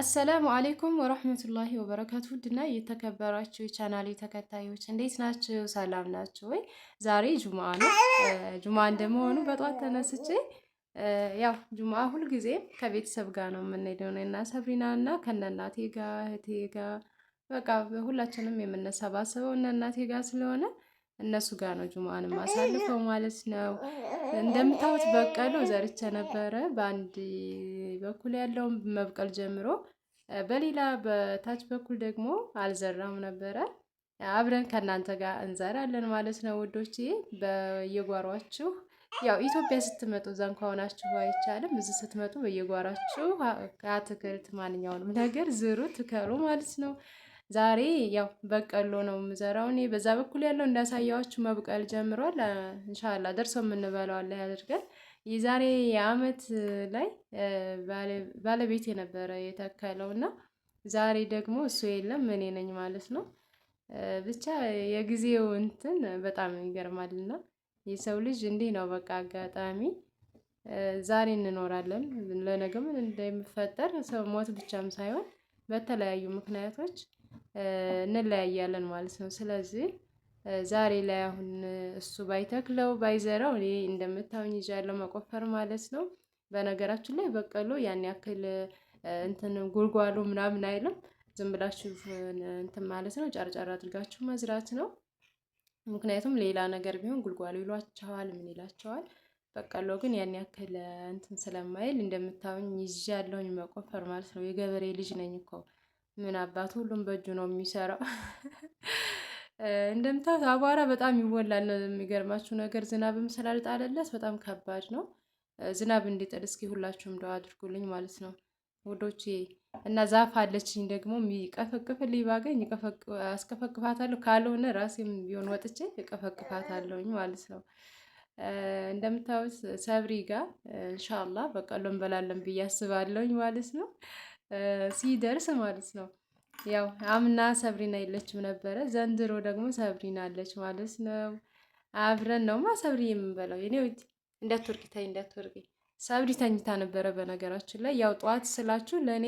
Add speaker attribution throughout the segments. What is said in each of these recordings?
Speaker 1: አሰላሙ አሌይኩም ወረህመቱላሂ ወበረካቱ። ውድና የተከበራችሁ የቻናሌ ተከታዮች እንዴት ናችሁ? ሰላም ናችሁ ወይ? ዛሬ ጁማ ነው። ጁማ እንደመሆኑ በጠዋት ተነስቼ ያው ጁማ ሁልጊዜ ከቤተሰብ ጋር ነው የምንሄደው እና ሰብሪና እና ከነእናቴ ጋር እህቴ ጋር በቃ ሁላችንም የምንሰባሰበው እነእናቴ ጋር ስለሆነ እነሱ ጋር ነው ጁማን ማሳልፈው ማለት ነው። እንደምታዩት በቀሎ ዘርቼ ነበረ በአንድ በላይ በኩል ያለውን መብቀል ጀምሮ በሌላ በታች በኩል ደግሞ አልዘራም ነበረ። አብረን ከእናንተ ጋር እንዘራለን ማለት ነው ውዶቼ። በየጓሯችሁ ያው ኢትዮጵያ ስትመጡ እዛ እንኳ ሆናችሁ አይቻልም። እዚህ ስትመጡ በየጓሯችሁ አትክልት ማንኛውንም ነገር ዝሩ፣ ትከሉ ማለት ነው። ዛሬ ያው በቀሎ ነው የምዘራው እኔ። በዛ በኩል ያለው እንዳሳያችሁ መብቀል ጀምሯል። እንሻላ ደርሶ የምንበለዋለ ያደርገን። የዛሬ የአመት ላይ ባለቤት የነበረ የተከለው እና ዛሬ ደግሞ እሱ የለም እኔ ነኝ ማለት ነው። ብቻ የጊዜው እንትን በጣም ይገርማልና የሰው ልጅ እንዲህ ነው በቃ አጋጣሚ ዛሬ እንኖራለን ለነገ ምን እንደሚፈጠር ሰው ሞት ብቻም ሳይሆን በተለያዩ ምክንያቶች እንለያያለን ማለት ነው። ስለዚህ ዛሬ ላይ አሁን እሱ ባይተክለው ባይዘራው እኔ እንደምታዩኝ ይዣለሁ መቆፈር ማለት ነው። በነገራችን ላይ በቀሎ ያን ያክል እንትን ጉልጓሉ ምናምን አይልም። ዝም ብላችሁ እንትን ማለት ነው ጫርጫር አድርጋችሁ መዝራት ነው። ምክንያቱም ሌላ ነገር ቢሆን ጉልጓሉ ይሏቸዋል፣ ምን ይላቸዋል። በቀሎ ግን ያን ያክል እንትን ስለማይል እንደምታዩኝ ይዣለሁኝ መቆፈር ማለት ነው። የገበሬ ልጅ ነኝ እኮ ምን አባት ሁሉም በእጁ ነው የሚሰራው። እንደምታዩት አቧራ በጣም ይወላል። የሚገርማችሁ ነገር ዝናብም ስላልጣለለት በጣም ከባድ ነው። ዝናብ እንዲጥል እስኪ ሁላችሁም ደው አድርጉልኝ ማለት ነው ወዶቼ እና ዛፍ አለችኝ ደግሞ የሚቀፈቅፍልኝ ባገኝ አስቀፈቅፋታለሁ። ካልሆነ ራሴም ቢሆን ወጥቼ እቀፈቅፋታለሁኝ ማለት ነው። እንደምታዩት ሰብሪ ጋር እንሻላ በቀሎ እንበላለን ብዬ አስባለሁኝ ማለት ነው ሲደርስ ማለት ነው። ያው አምና ሰብሪና የለችም ነበረ። ዘንድሮ ደግሞ ሰብሪና አለች ማለት ነው። አብረን ነውማ ሰብሪ የምንበላው የኔ ውድ። እንደ ቱርቂ ተይ፣ እንደ ቱርቂ ሰብሪ ተኝታ ነበረ። በነገራችን ላይ ያው ጠዋት ስላችሁ ለእኔ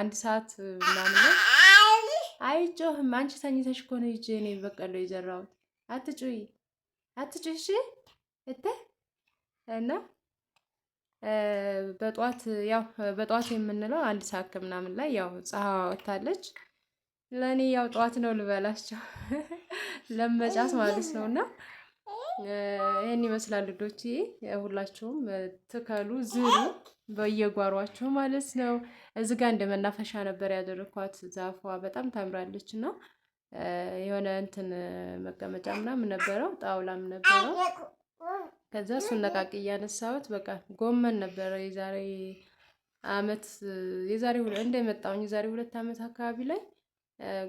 Speaker 1: አንድ ሰዓት ምናምን ነው። አይጮህም። አንቺ ተኝተሽ እኮ ነው እኔ በቀሎ የዘራሁት። አትጩይ፣ አትጩይ እሺ እተ እና በጠዋት ያው የምንለው አንድ ሰዓት ምናምን ላይ ያው ፀሐዋ ወጥታለች። ለእኔ ያው ጠዋት ነው ልበላቸው ለመጫት ማለት ነው። እና ይህን ይመስላል ልጆች፣ ሁላችሁም ትከሉ ዝሩ በየጓሯችሁ ማለት ነው። እዚ ጋር እንደ መናፈሻ ነበር ያደረኳት። ዛፏ በጣም ታምራለች እና የሆነ እንትን መቀመጫ ምናምን ነበረው፣ ጣውላም ነበረው። ከዛ እሱን ነቃቅ እያነሳሁት በቃ ጎመን ነበረ የዛሬ አመት የዛሬ ሁለት እንደመጣሁኝ የዛሬ ሁለት አመት አካባቢ ላይ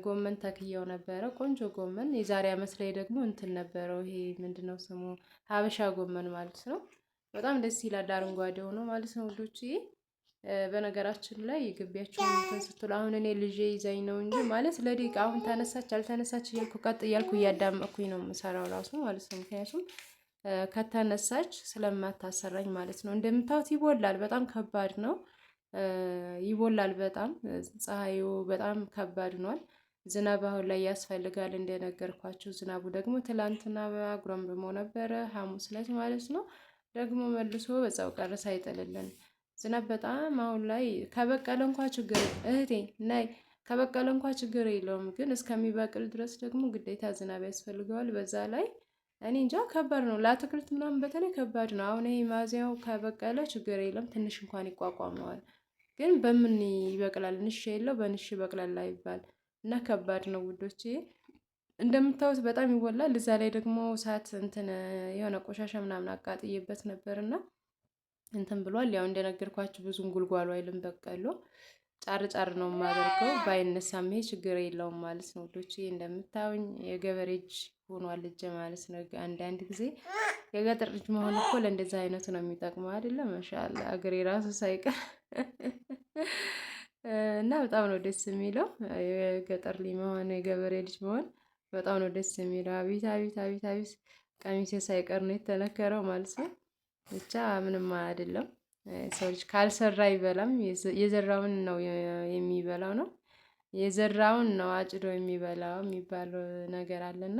Speaker 1: ጎመን ተክየው ነበረ። ቆንጆ ጎመን። የዛሬ አመት ላይ ደግሞ እንትን ነበረው ይሄ ምንድነው ስሙ ሀበሻ ጎመን ማለት ነው። በጣም ደስ ይላል አረንጓዴ ሆኖ ማለት ነው ውዶች። በነገራችን ላይ ግቢያቸውን እንትን ስትሉ አሁን እኔ ልጄ ይዛኝ ነው እንጂ ማለት ለዲቃ አሁን ተነሳች አልተነሳች እያልኩ ቀጥ እያልኩ እያዳመጥኩኝ ነው የምሰራው ራሱ ማለት ነው ምክንያቱም ከተነሳች ስለማታሰራኝ ማለት ነው። እንደምታዩት ይቦላል፣ በጣም ከባድ ነው። ይቦላል በጣም ፀሐዩ በጣም ከባድ ነል። ዝናብ አሁን ላይ ያስፈልጋል እንደነገርኳቸው ዝናቡ ደግሞ ትላንትና አጉረምርሞ ነበረ ሐሙስ ዕለት ማለት ነው። ደግሞ መልሶ በፀው ቀረ ሳይጥልልን ዝናብ በጣም አሁን ላይ ከበቀለ እንኳ ችግር እህቴ ናይ ከበቀለ እንኳ ችግር የለውም፣ ግን እስከሚበቅል ድረስ ደግሞ ግዴታ ዝናብ ያስፈልገዋል። በዛ ላይ እኔ እንጃ ከባድ ነው። ለአትክልት ምናምን በተለይ ከባድ ነው። አሁን ይሄ ማዚያው ከበቀለ ችግር የለም ትንሽ እንኳን ይቋቋመዋል። ግን በምን ይበቅላል? ንሽ የለው በንሽ ይበቅላል ይባል እና ከባድ ነው ውዶች። እንደምታዩት በጣም ይወላል። እዛ ላይ ደግሞ እሳት እንትን የሆነ ቆሻሻ ምናምን አቃጥዬበት ነበርና እንትን ብሏል። ያው እንደነገርኳችሁ ብዙም ጉልጓሉ አይልም በቀሎ ጫር ጫር ነው የማደርገው። ባይነሳም ይሄ ችግር የለውም ማለት ነው ውዶች። እንደምታዩኝ የገበሬ እጅ ሆኗል እጄ ማለት ነው። አንዳንድ ጊዜ የገጠር ልጅ መሆን እኮ ለእንደዚህ አይነቱ ነው የሚጠቅመው አይደለ? ማሻላ አገሬ ራሱ ሳይቀር እና በጣም ነው ደስ የሚለው የገጠር ልጅ መሆን የገበሬ ልጅ መሆን በጣም ነው ደስ የሚለው። አቤት አቤት አቤት አቤት ቀሚሴ ሳይቀር ነው የተነከረው ማለት ነው። ብቻ ምንም አይደለም። ሰው ልጅ ካልሰራ አይበላም። የዘራውን ነው የሚበላው ነው የዘራውን ነው አጭዶ የሚበላው የሚባል ነገር አለና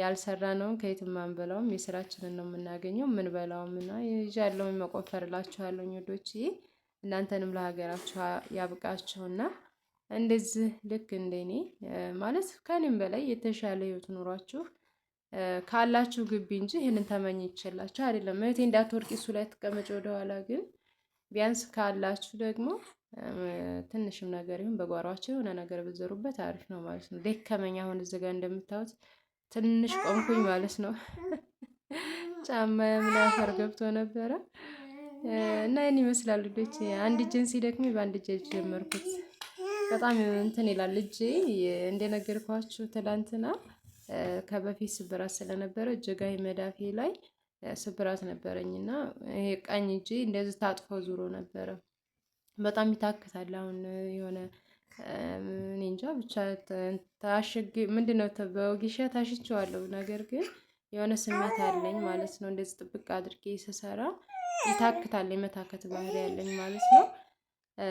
Speaker 1: ያልሰራ ነው ከየትም አንበላውም። የስራችንን ነው የምናገኘው የምንበላውም እና ይዣለሁኝ መቆፈር እላችኋለሁኝ ወዶችዬ እናንተንም ለሀገራችሁ ያብቃችሁና እንደዚህ ልክ እንደኔ ማለት ከኔም በላይ የተሻለ ህይወት ኑሯችሁ ካላችሁ ግቢ እንጂ ይህንን ተመኝቼላችሁ አይደለም። እህቴ እንዳትወርቂ እሱ ላይ ትቀመጭ ወደኋላ። ግን ቢያንስ ካላችሁ ደግሞ ትንሽም ነገር ይሁን በጓሯቸው የሆነ ነገር ብዘሩበት አሪፍ ነው ማለት ነው። ደከመኝ። አሁን እዚህ ጋር እንደምታዩት ትንሽ ቆምኩኝ ማለት ነው። ጫማ ምን አፈር ገብቶ ነበረ እና ይህን ይመስላል ልጆች። አንድ እጄን ሲደክሜ በአንድ እጄ ጀመርኩት። በጣም እንትን ይላል እጄ እንደነገርኳችሁ ትላንትና ከበፊት ስብራት ስለነበረ እጀጋይ መዳፌ ላይ ስብራት ነበረኝ እና ይሄ ቀኝ እጅ እንደዚህ ታጥፎ ዙሮ ነበረ። በጣም ይታክታል። አሁን የሆነ እኔ እንጃ ብቻ ታሽግ ምንድነው በወጌሻ ታሽቸዋለሁ፣ ነገር ግን የሆነ ስሜት አለኝ ማለት ነው። እንደዚህ ጥብቅ አድርጌ ስሰራ ይታክታል፣ የመታከት ባህሪ ያለኝ ማለት ነው።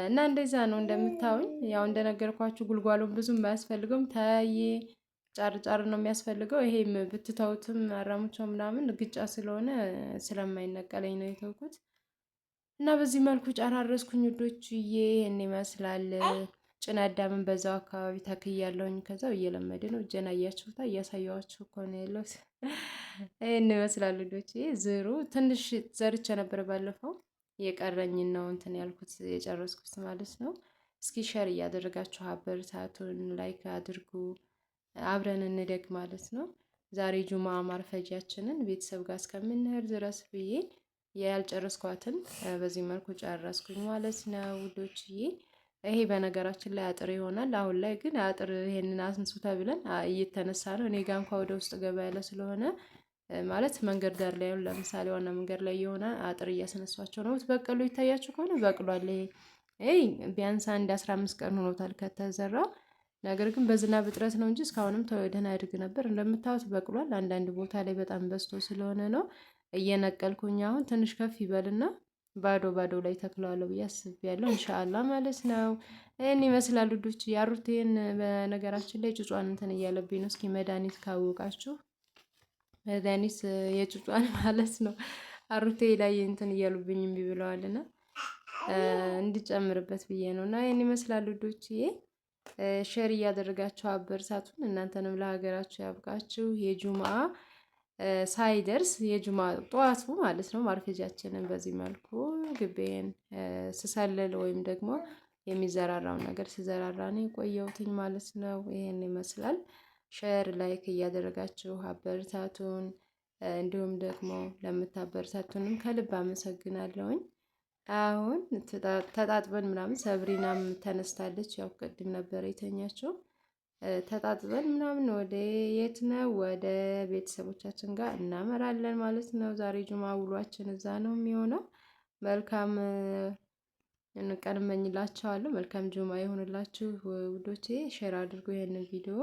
Speaker 1: እና እንደዛ ነው እንደምታውኝ። ያው እንደነገርኳችሁ ጉልጓሉን ብዙም አያስፈልገውም። ተያዬ ጫር ጫር ነው የሚያስፈልገው። ይሄም ብትተውትም አራሙቻው ምናምን ግጫ ስለሆነ ስለማይነቀለኝ ነው የተውኩት። እና በዚህ መልኩ ጨራረስኩኝ ውዶችዬ፣ ይሄን ይመስላል። ጭና አዳምን በዛው አካባቢ ተክያለሁኝ። ከዛው እየለመደ ነው። እጀና እያችሁታ እያሳየዋችሁ እኮ ነው ያለሁት። ይህን ይመስላል ውዶችዬ። ዝሩ ትንሽ ዘርቼ ነበር ባለፈው፣ የቀረኝን ነው እንትን ያልኩት የጨረስኩት ማለት ነው። እስኪ ሸር እያደረጋችሁ አበረታቱን፣ ላይክ አድርጉ። አብረን እንደግ ማለት ነው። ዛሬ ጁማ ማርፈጃችንን ቤተሰብ ጋር እስከምንሄድ ድረስ ብዬ ያልጨረስኳትን በዚህ መልኩ ጨረስኩኝ ማለት ነው ውዶችዬ። ይሄ በነገራችን ላይ አጥር ይሆናል። አሁን ላይ ግን አጥር ይሄንን አስንሱ ተብለን እየተነሳ ነው። እኔ ጋ እንኳ ወደ ውስጥ ገባ ያለ ስለሆነ ማለት መንገድ ዳር ላይ ለምሳሌ ዋና መንገድ ላይ የሆነ አጥር እያስነሷቸው ነው። በቀሉ ይታያችሁ ከሆነ በቅሏል። ይሄ ቢያንስ አንድ አስራ አምስት ቀን ሆኖታል ከተዘራ ነገር ግን በዝናብ እጥረት ነው እንጂ እስካሁንም ደህና ያድግ ነበር። እንደምታዩት በቅሏል። አንዳንድ ቦታ ላይ በጣም በዝቶ ስለሆነ ነው እየነቀልኩኝ። አሁን ትንሽ ከፍ ይበልና ባዶ ባዶ ላይ ተክለዋለሁ ብዬ አስቤያለሁ። እንሻአላ ማለት ነው። ይህን ይመስላል ውዶች። ያሩቴን በነገራችን ላይ ጭጿን እንትን እያለብኝ ነው። እስኪ መድኃኒት ካወቃችሁ መድኃኒት የጭጿን ማለት ነው። አሩቴ ላይ እንትን እያሉብኝ ብለዋልና እንድጨምርበት ብዬ ነው እና ይህን ይመስላል ውዶች። ሼር እያደረጋችሁ አበርታቱን እናንተንም ለሀገራችሁ ያብቃችሁ። የጁምአ ሳይደርስ የጁምአ ጠዋቱ ማለት ነው ማርፌጃችንን በዚህ መልኩ ግቤን ስሰልል ወይም ደግሞ የሚዘራራውን ነገር ሲዘራራ ነው ማለት ነው። ይሄን ይመስላል። ሼር ላይክ እያደረጋችሁ አበርታቱን። እንዲሁም ደግሞ ለምታበርታቱንም ከልብ አመሰግናለሁኝ። አሁን ተጣጥበን ምናምን ሰብሪናም ተነስታለች። ያው ቅድም ነበር የተኛቸው። ተጣጥበን ምናምን ወደ የት ነው ወደ ቤተሰቦቻችን ጋር እናመራለን ማለት ነው። ዛሬ ጁማ ውሏችን እዛ ነው የሚሆነው። መልካም ቀን እመኝላችኋለሁ። መልካም ጁማ የሆንላችሁ ውዶቼ። ሼር አድርጎ ይህንን ቪዲዮ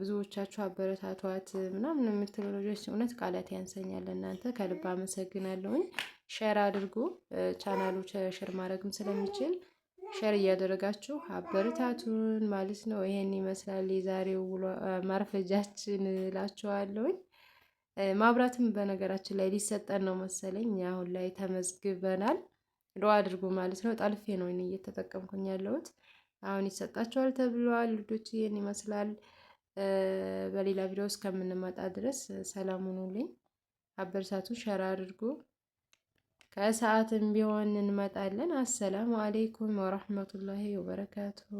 Speaker 1: ብዙዎቻችሁ አበረታቷት ምናምን የምትሉ ልጆች እውነት ቃላት ያንሰኛል። እናንተ ከልብ አመሰግናለሁኝ። ሼር አድርጉ። ቻናሉ ሼር ማድረግም ስለሚችል ሼር እያደረጋችሁ አበረታቱን ማለት ነው። ይሄን ይመስላል የዛሬው ማርፈጃችን እላችኋለሁኝ። ማብራትም በነገራችን ላይ ሊሰጠን ነው መሰለኝ አሁን ላይ ተመዝግበናል። ዶ አድርጉ ማለት ነው። ጠልፌ ነው እየተጠቀምኩኝ ያለሁት። አሁን ይሰጣችኋል ተብሏል። ልጆች ይህን ይመስላል። በሌላ ቪዲዮ እስከምንመጣ ድረስ ሰላም ሁኑልኝ። አበረታቱን፣ ሸራ አድርጉ። ከሰዓትም ቢሆን እንመጣለን። አሰላሙ አሌይኩም ወረህመቱላሂ ወበረካቱሁ።